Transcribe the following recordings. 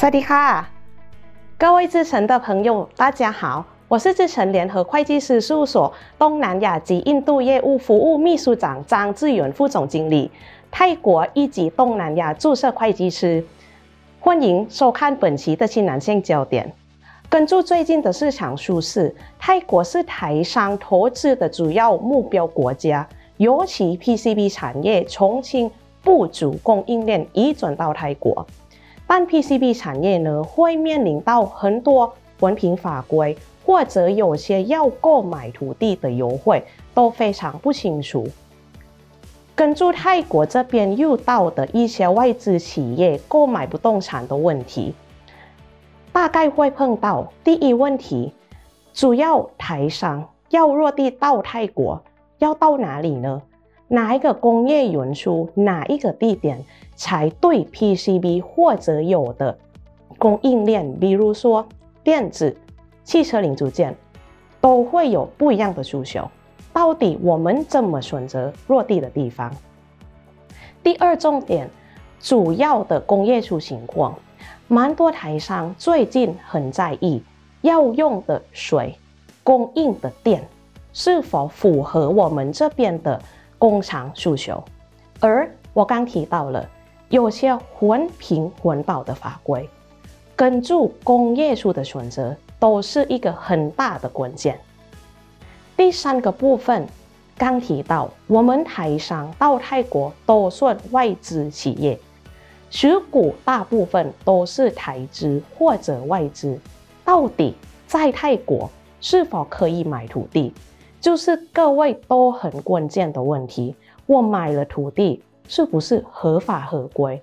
薩瓦迪卡！各位資誠的朋友，大家好，我是資誠聯合會計師事務所東南亞及印度業務服務秘書長張志遠副總經理，泰國以及東南亞註冊會計師。歡迎收看本期的《新南向焦點》，根據最近的市場趨勢，泰國是台商投資的主要目標國家，尤其 PCB 產業重新布局供應鏈移轉到泰國。但 PCB 產業呢，會面臨到很多文憑法規，或者有些要購買土地的優惠，都非常不清楚。跟住泰國這邊遇到的一些外資企業購買不動產的問題，大概會碰到第一問題：主要台商要落地到泰國，要到哪裡呢？哪一個工業園區，哪一個地點才對 PCB 或者有的供應鏈，比如說電子、汽車零組件，都會有不一樣的需求。到底我們怎麼選擇落地的地方？第二重點，主要的工業區情況，蠻多台商最近很在意要用的水、供應的電是否符合我們這邊的。工廠訴求，而我剛提到了有些環評環保的法規，跟住工業區的選擇都是一個很大的關鍵。第三個部分剛提到，我們台商到泰國都算外資企業，持股大部分都是台資或者外資，到底在泰國是否可以買土地？就是各位都很關鍵的問題，我買了土地是不是合法合規？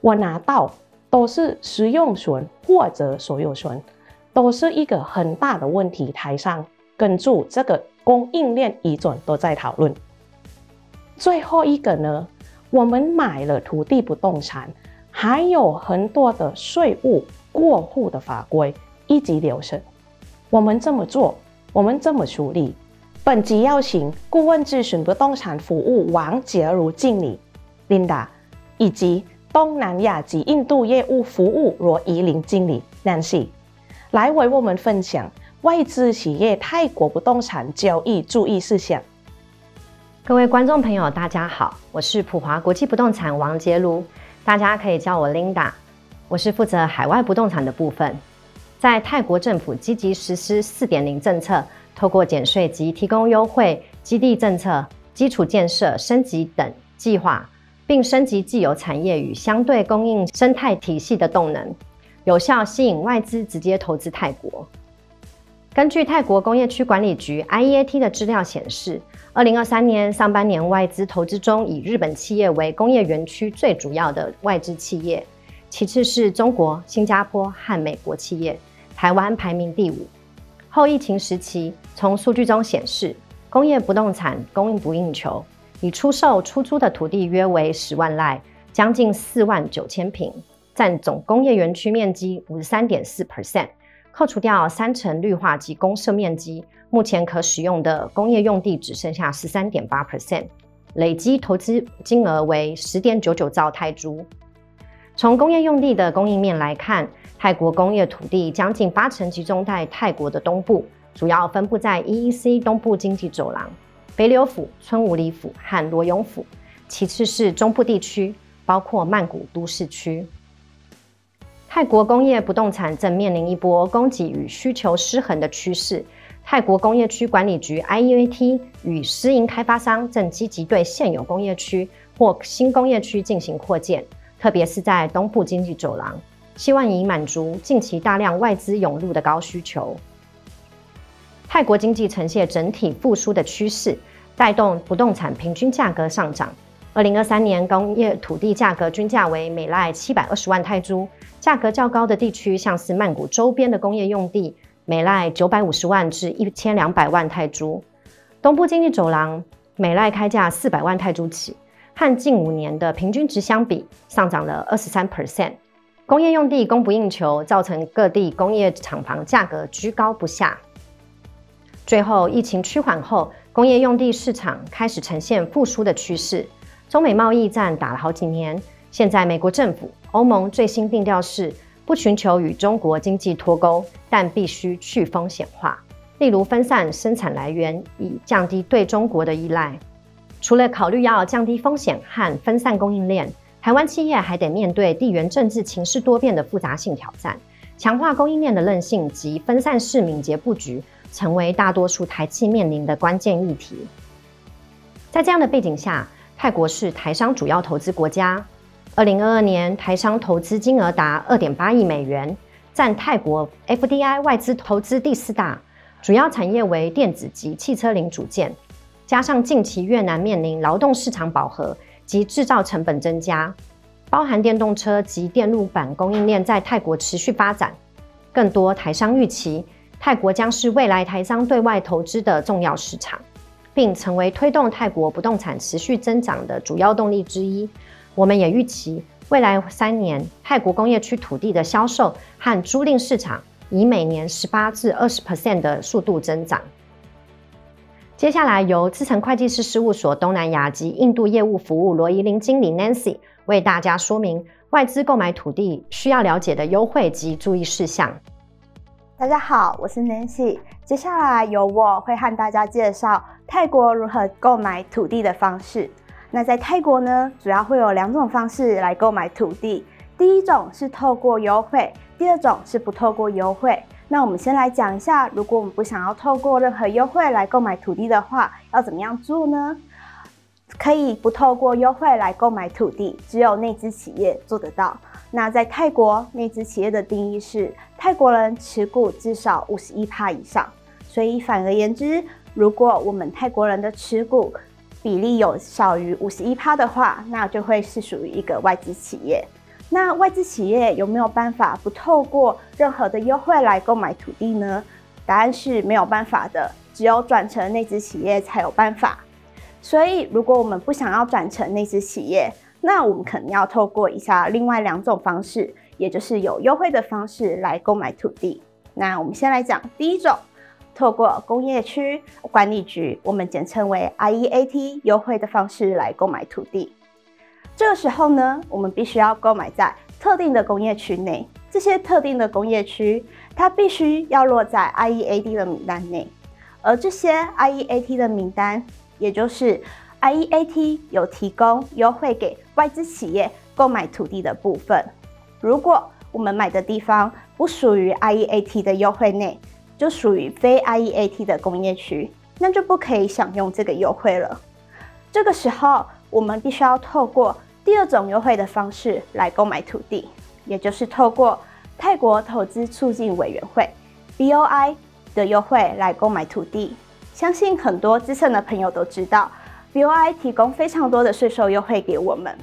我拿到都是使用權或者所有權，都是一個很大的問題。台商跟住這個供應鏈移轉都在討論。最後一個呢，我們買了土地不動產，還有很多的稅務過戶的法規，以及流程，我們這麼做，我們這麼處理。本集邀請顧問諮詢不動產服務王潔如經理 Linda，以及東南亞及印度業務服務羅宜凌經理 Nancy 來為我們分享外資企業泰國不動產交易注意事項。各位觀眾朋友，大家好，我是普華國際不動產王潔如，大家可以叫我 Linda，我是負責海外不動產的部分。在泰國政府積極實施四點零政策，透過減稅及提供優惠、基地政策、基礎建設升級等計劃，並升級既有產業與相對供應生態體系的動能，有效吸引外資直接投資泰國。根據泰國工業區管理局 （IEAT） 的資料顯示，二零二三年上半年外資投資中，以日本企業為工業園區最主要的外資企業，其次是中國、新加坡和美國企業，台灣排名第五。後疫情時期，從數據中顯示，工業不動產供應不應求，已出售出租的土地約為十萬賴，將近四萬九千平，占總工業園區面積五十三點四 percent，扣除掉三成綠化及公設面積，目前可使用的工業用地只剩下十三點八 percent，累計投資金額為十點九九兆泰銖。從工業用地的供應面來看，泰國工業土地將近八成集中在泰國的東部，主要分布在 EEC 東部經濟走廊、北柳府、春武里府和羅勇府，其次是中部地區，包括曼谷都市區。泰國工業不動產正面臨一波供給與需求失衡的趨勢。泰國工業區管理局 IEAT 與私營開發商正積極對現有工業區或新工業區進行擴建。特別是在東部經濟走廊，希望以滿足近期大量外資湧入的高需求。泰國經濟呈現整體復甦的趨勢，帶動不動產平均價格上漲。二零二三年工業土地價格均價為每賴七百二十萬泰銖，價格較高的地區像是曼谷周邊的工業用地，每賴九百五十萬至一千兩百萬泰銖。東部經濟走廊，每賴開價四百萬泰銖起。和近五年的平均值相比，上漲了二十三 percent。工業用地供不應求，造成各地工業廠房價格居高不下。最後，疫情趨緩後，工業用地市場開始呈現復甦的趨勢。中美貿易戰打了好幾年，現在美國政府、歐盟最新定調是不尋求與中國經濟脫鈎，但必須去風險化，例如分散生產來源，以降低對中國的依賴。除了考慮要降低風險和分散供應鏈，台灣企業還得面對地緣政治情勢多變的複雜性挑戰。強化供應鏈的韌性及分散式敏捷布局，成為大多數台企面臨的關鍵議題。在這樣的背景下，泰國是台商主要投資國家。二零二二年，台商投資金額達二點八億美元，占泰國 FDI 外資投資第四大，主要產業為電子及汽車零組件。加上近期越南面臨勞動市場飽和及製造成本增加，包含電動車及電路板供應鏈在泰國持續發展，更多台商預期泰國將是未來台商對外投資的重要市場，並成為推動泰國不動產持續增長的主要動力之一。我們也預期未來三年泰國工業區土地的銷售和租賃市場以每年十八至二十 percent 的速度增長。接下來由資誠會計師事務所東南亞及印度業務服務羅宜凌經理 Nancy 為大家說明外資購買土地需要了解的優惠及注意事項。大家好，我是 Nancy。接下來由我會和大家介紹泰國如何購買土地的方式。那在泰國呢，主要會有兩種方式來購買土地，第一種是透過優惠，第二種是不透過優惠。那我們先來講一下，如果我們不想要透過任何優惠來購買土地的話，要怎麼樣做呢？可以不透過優惠來購買土地，只有內資企業做得到。那在泰國，內資企業的定義是泰國人持股至少五十一趴以上。所以反而言之，如果我們泰國人的持股比例有少於五十一趴的話，那就會是屬於一個外資企業。那外資企業有沒有辦法不透過任何的優惠來購買土地呢？答案是沒有辦法的，只有轉成內資企業才有辦法。所以，如果我們不想要轉成內資企業，那我們肯定要透過以下另外兩種方式，也就是有優惠的方式來購買土地。那我們先來講第一種，透過工業區管理局，我們簡稱為 IEAT 優惠的方式來購買土地。這個時候呢，我們必須要購買在特定的工業區內。這些特定的工業區，它必須要落在 IEAT 的名單內。而這些 IEAT 的名單，也就是 IEAT 有提供優惠給外資企業購買土地的部分。如果我們買的地方不屬於 IEAT 的優惠內，就屬於非 IEAT 的工業區，那就不可以享用這個優惠了。這個時候，我們必須要透過第二種優惠的方式來購買土地，也就是透過泰國投資促進委員會 （BOI） 的優惠來購買土地。相信很多資深的朋友都知道，BOI 提供非常多的稅收優惠給我們，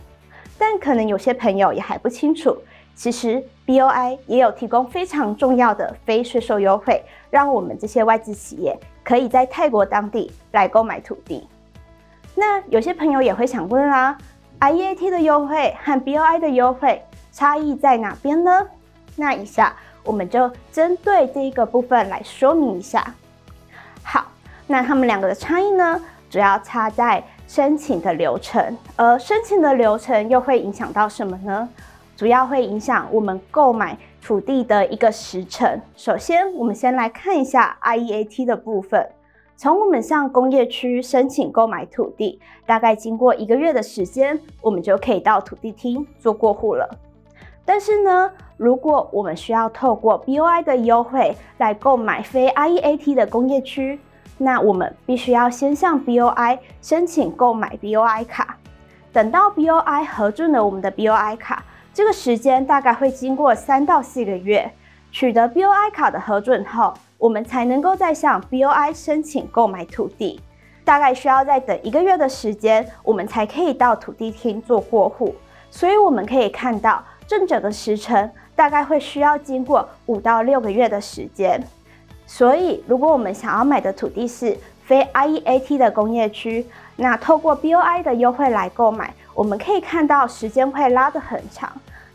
但可能有些朋友也還不清楚，其實 BOI 也有提供非常重要的非稅收優惠，讓我們這些外資企業可以在泰國當地來購買土地。那有些朋友也會想問啦、啊、，IEAT 的優惠和 BOI 的優惠差異在哪邊呢？那以下我們就針對這一個部分來說明一下。好，那他們兩個的差異呢，主要差在申請的流程，而申請的流程又會影響到什麼呢？主要會影響我們購買土地的一個時程，首先，我們先來看一下 IEAT 的部分。從我們向工業區申請購買土地，大概經過一個月的時間，我們就可以到土地廳做過戶了。但是呢，如果我們需要透過 BOI 的優惠來購買非 IEAT 的工業區，那我們必須要先向 BOI 申請購買 BOI 卡。等到 BOI 核准了我們的 BOI 卡，這個時間大概會經過三到四個月，取得 BOI 卡的核准後，我們才能夠再向 B O I 申請購買土地，大概需要再等一個月的時間，我們才可以到土地廳做過戶。所以我們可以看到，整整個時程大概會需要經過五到六個月的時間。所以，如果我們想要買的土地是非 I E A T 的工業區，那透過 B O I 的優惠來購買，我們可以看到時間會拉得很長。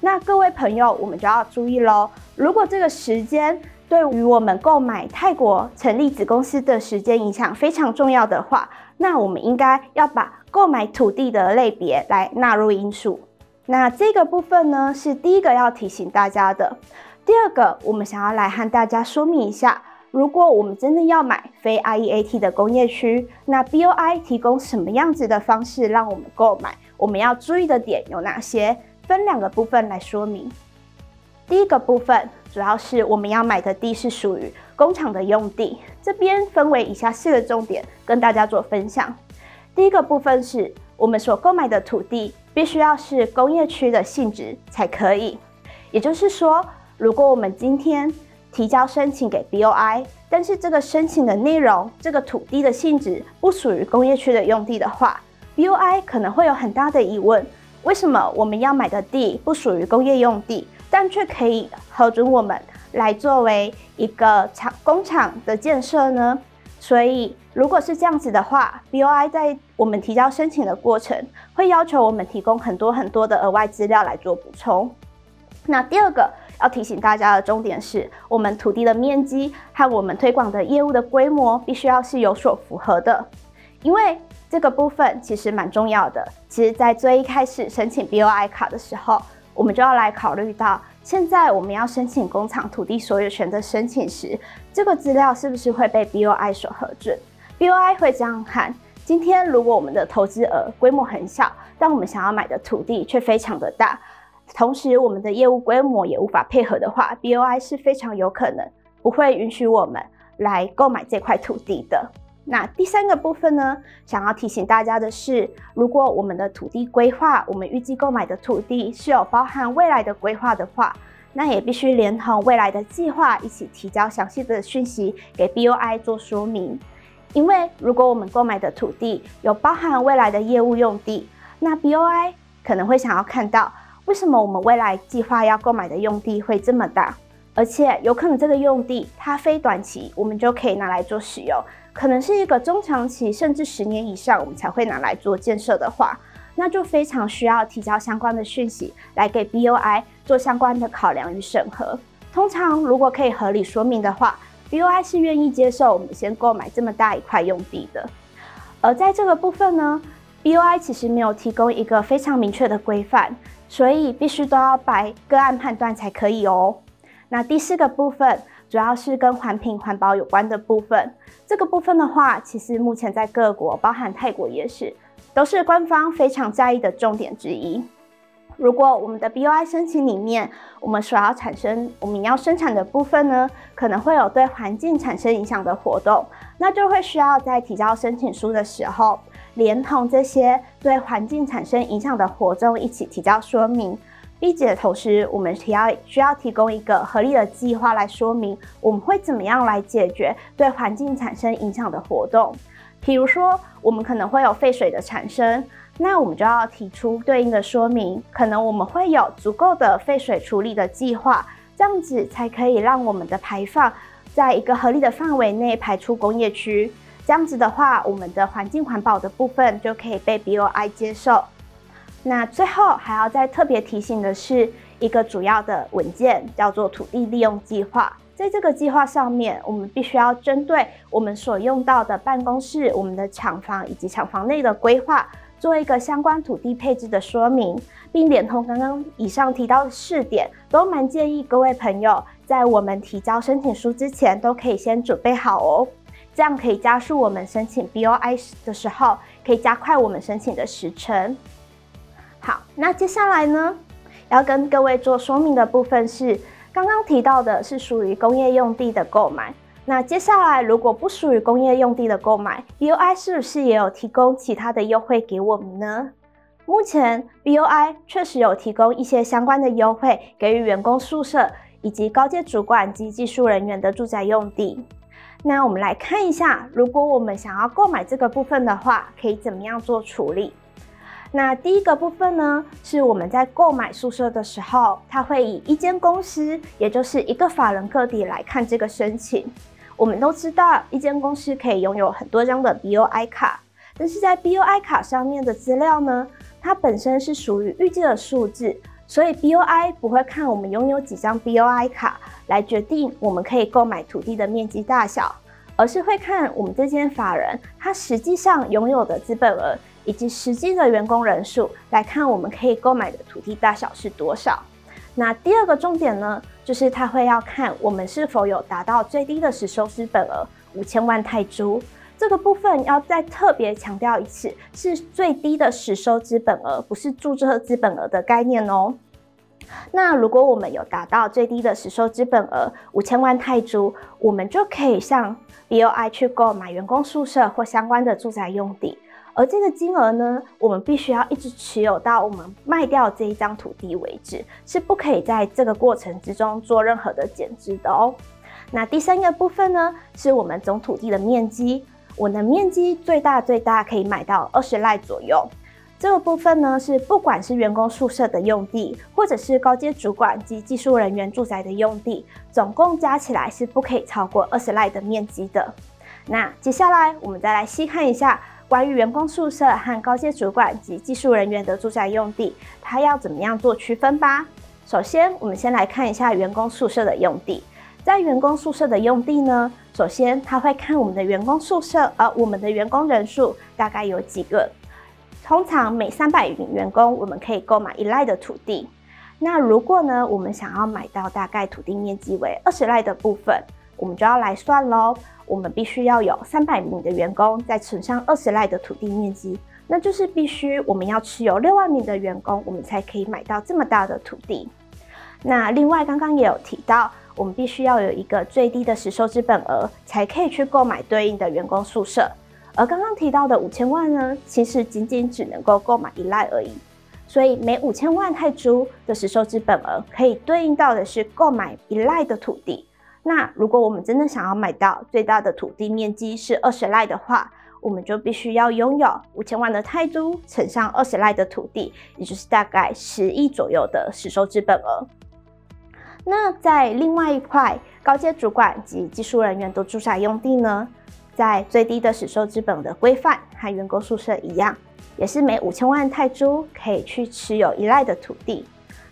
那各位朋友，我們就要注意嘍。如果這個時間，對於我們購買泰國成立子公司的時間影響非常重要的話，那我們應該要把購買土地的類別來納入因素。那這個部分呢是第一個要提醒大家的。第二個，我們想要來和大家說明一下，如果我們真的要買非 IEAT 的工業區，那 BOI 提供什麼樣子的方式讓我們購買？我們要注意的點有哪些？分兩個部分來說明。第一個部分主要是我們要買的地是屬於工廠的用地，這邊分為以下四個重點跟大家做分享。第一個部分是我們所購買的土地必須要是工業區的性質才可以，也就是說，如果我們今天提交申請給 BOI，但是這個申請的內容這個土地的性質不屬於工業區的用地的話，BOI 可能會有很大的疑問，為什麼我們要買的地不屬於工業用地？但卻可以核准我們來作為一個廠工廠的建設呢？所以如果是這樣子的話，BOI 在我們提交申請的過程，會要求我們提供很多很多的額外資料來做補充。那第二個要提醒大家的重點是我們土地的面積和我們推廣的業務的規模必須要是有所符合的，因為這個部分其實蠻重要的。其實在最一開始申請 BOI 卡的時候。我們就要來考慮到，現在我們要申請工廠土地所有權的申請時，這個資料是不是會被 BOI 所核准？BOI 會這樣看：今天如果我們的投資額規模很小，但我們想要買的土地却非常的大，同時我們的業務規模也無法配合的話，BOI 是非常有可能不會允許我們來購買這塊土地的。那第三個部分呢，想要提醒大家的是，如果我們的土地規劃，我們預計購買的土地是有包含未來的規劃的話，那也必須連同未來的計劃一起提交詳細的訊息給 BOI 做說明。因為如果我們購買的土地有包含未來的業務用地，那 BOI 可能會想要看到為什麼我們未來計劃要購買的用地會這麼大，而且有可能這個用地它非短期，我們就可以拿來做使用。可能是一個中長期甚至十年以上，我們才會拿來做建設的話，那就非常需要提交相關的訊息來給 BOI 做相關的考量與審核。通常如果可以合理說明的話，BOI 是願意接受我們先購買這麼大一塊用地的。而在這個部分呢，BOI 其實沒有提供一個非常明確的規範，所以必須都要擺個案判斷才可以哦。那第四個部分。主要是跟環評、環保有關的部分。這個部分的話，其實目前在各國，包含泰國也是，都是官方非常在意的重點之一。如果我們的 BOI 申請裡面，我們所要產生、我們要生產的部分呢，可能會有對環境產生影響的活動，那就會需要在提交申請書的時候，連同這些對環境產生影響的活動一起提交說明。並且的同時，我們也要需要提供一個合理的計劃來說明我們會怎麼樣來解決對環境產生影響的活動。比如說，我們可能會有廢水的產生，那我們就要提出對應的說明。可能我們會有足夠的廢水處理的計劃，這樣子才可以讓我們的排放在一個合理的範圍內排出工業區。這樣子的話，我們的環境環保的部分就可以被 BOI 接受。那最後還要再特別提醒的是，一個主要的文件叫做土地利用計劃。在這個計劃上面，我們必須要針對我們所用到的辦公室、我們的廠房以及廠房內的規劃，做一個相關土地配置的說明，並連同剛剛以上提到的四點，都蠻建議各位朋友在我們提交申請書之前，都可以先準備好哦。這樣可以加速我們申請 BOI 的時候，可以加快我們申請的時程。好，那接下來呢，要跟各位做說明的部分是，剛剛提到的是屬於工業用地的購買。那接下來如果不屬於工業用地的購買，BOI 是不是也有提供其他的優惠給我們呢？目前 BOI 確實有提供一些相關的優惠，給予員工宿舍以及高階主管及技術人員的住宅用地。那我們來看一下，如果我們想要購買這個部分的話，可以怎麼樣做處理？那第一個部分呢，是我們在購買宿舍的時候，他會以一間公司，也就是一個法人個體來看這個申請。我們都知道，一間公司可以擁有很多張的 BOI 卡，但是在 BOI 卡上面的資料呢，它本身是屬於預計的數字，所以 BOI 不會看我們擁有幾張 BOI 卡來決定我們可以購買土地的面積大小，而是會看我們這間法人他實際上擁有的資本額。以及實際的員工人數來看，我們可以購買的土地大小是多少？那第二個重點呢，就是他會要看我們是否有達到最低的實收資本額五千萬泰銖。這個部分要再特別強調一次，是最低的實收資本額，不是註冊資本額的概念哦。那如果我們有達到最低的實收資本額五千萬泰銖，我們就可以向 BOI 去購買員工宿舍或相關的住宅用地。而這個金額呢，我們必須要一直持有到我們賣掉這一張土地為止，是不可以在這個過程之中做任何的減資的哦。那第三個部分呢，是我們總土地的面積，我們的面積最大最大可以買到二十賴左右。這個部分呢，是不管是員工宿舍的用地，或者是高階主管及技術人員住宅的用地，總共加起來是不可以超過二十賴的面積的。那接下來我們再來細看一下。關於員工宿舍和高階主管及技術人員的住宅用地，他要怎麼樣做區分吧？首先，我們先來看一下員工宿舍的用地。在員工宿舍的用地呢，首先他會看我們的員工宿舍，而我們的員工人數大概有幾個。通常每三百名員工，我們可以購買一賴的土地。那如果呢，我們想要買到大概土地面積為二十賴的部分，我們就要來算嘍。我們必須要有三百名的員工，再乘上二十賴的土地面積，那就是必須我們要持有六萬名的員工，我們才可以買到這麼大的土地。那另外剛剛也有提到，我們必須要有一個最低的實收資本額，才可以去購買對應的員工宿舍。而剛剛提到的五千萬呢，其實僅僅只能夠購買一賴而已。所以每五千萬泰銖的實收資本額，可以對應到的是購買一賴的土地。那如果我們真的想要買到最大的土地面積是二十萊的話，我們就必須要擁有五千萬的泰銖乘上二十萊的土地，也就是大概十億左右的實收資本額。那在另外一塊高階主管及技術人員的住宅用地呢，在最低的實收資本的規範和員工宿舍一樣，也是每五千萬泰銖可以去持有一萊的土地，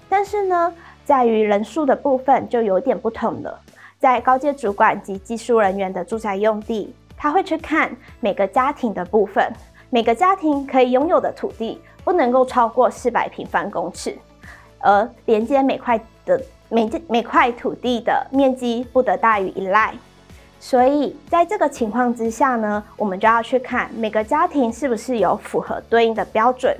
但是呢，在於人數的部分就有點不同了。在高階主管及技術人員的住宅用地，他會去看每個家庭的部分，每個家庭可以擁有的土地不能夠超過四百平方公尺，而連接每塊的每每塊土地的面積不得大於一萊。所以，在這個情況之下呢，我們就要去看每個家庭是不是有符合對應的標準，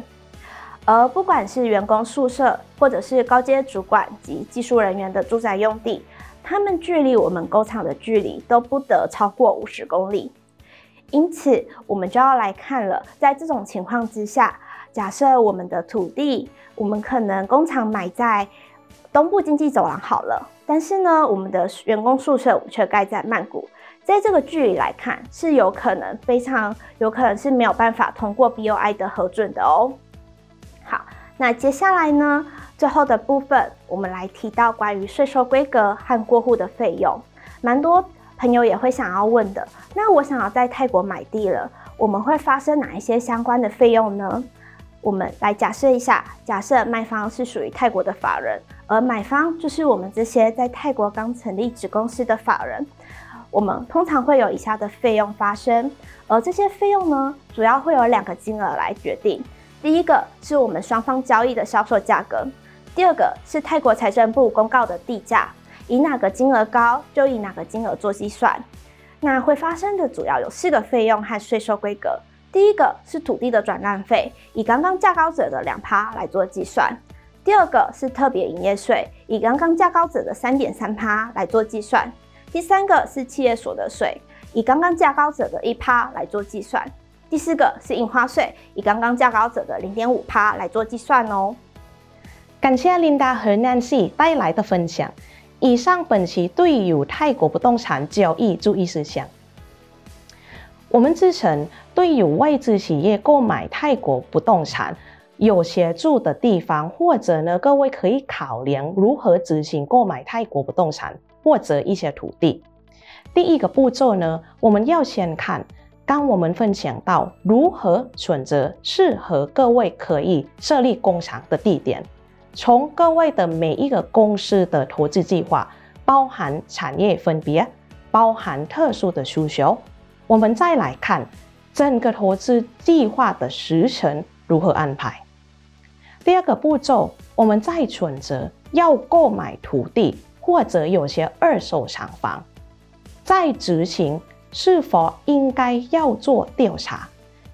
而不管是員工宿舍或者是高階主管及技術人員的住宅用地。他們距離我們工廠的距離都不得超過五十公里，因此我們就要來看了。在這種情況之下，假設我們的土地，我們可能工廠買在東部經濟走廊好了，但是呢，我們的員工宿舍我們卻蓋在曼谷，在這個距離來看，是有可能，非常有可能是沒有辦法通過 BOI 的核准的哦。好，那接下來呢？最後的部分，我們來提到關於稅收規格和過戶的費用，蠻多朋友也會想要問的。那我想要在泰國買地了，我們會發生哪一些相關的費用呢？我們來假設一下，假設賣方是屬於泰國的法人，而買方就是我們這些在泰國剛成立子公司的法人，我們通常會有以下的費用發生，而這些費用呢，主要會有兩個金額來決定。第一個是我們雙方交易的銷售價格。第二個是泰國財政部公告的地價，以哪個金額高就以哪個金額做計算。那會發生的主要有四個費用和稅收規格。第一個是土地的轉讓費，以剛剛價高者的兩趴來做計算。第二個是特別營業稅，以剛剛價高者的三點三趴來做計算。第三個是企業所得稅，以剛剛價高者的一趴來做計算。第四個是印花稅，以剛剛價高者的零點五趴來做計算哦。感謝 Linda 和 Nancy 帶來的分享。以上本期對於泰國不動產交易注意事項。我們之前對於外資企業購買泰國不動產有協助的地方，或者呢，各位可以考量如何執行購買泰國不動產或者一些土地。第一個步驟呢，我們要先看，當我們分享到如何選擇適合各位可以設立工廠的地點。從各位的每一個公司的投資計劃，包含產業分別，包含特殊的需求，我們再來看整個投資計劃的時程如何安排。第二個步驟，我們再選擇要購買土地或者有些二手廠房，在執行是否應該要做調查，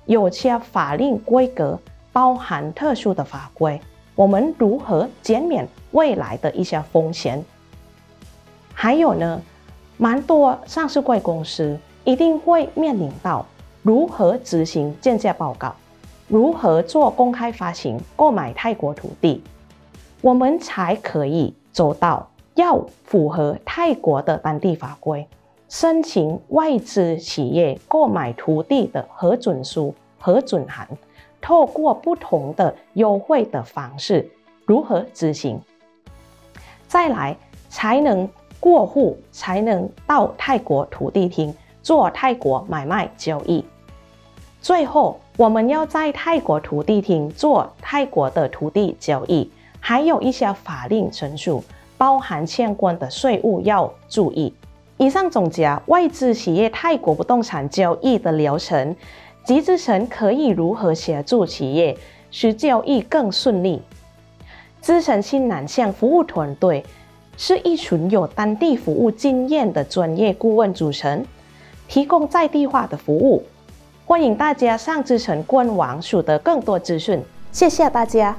有些法令規格包含特殊的法規。我們如何減免未來的一些風險？還有呢，蠻多上市櫃公司一定會面臨到如何執行鑑價報告，如何做公開發行購買泰國土地，我們才可以做到要符合泰國的當地法規，申請外資企業購買土地的核准書、核准函。透過不同的優惠的方式，如何執行，再來才能過戶，才能到泰國土地廳做泰國買賣交易。最後，我們要在泰國土地廳做泰國的土地交易，還有一些法令陳述，包含相關的稅務要注意。以上總結啊，外資企業泰國不動產交易的流程。資誠可以如何協助企業使交易更順利？資誠新南向服務團隊是一群有當地服務經驗的專業顧問組成，提供在地化的服務。歡迎大家上資誠官網取得更多資訊。謝謝大家。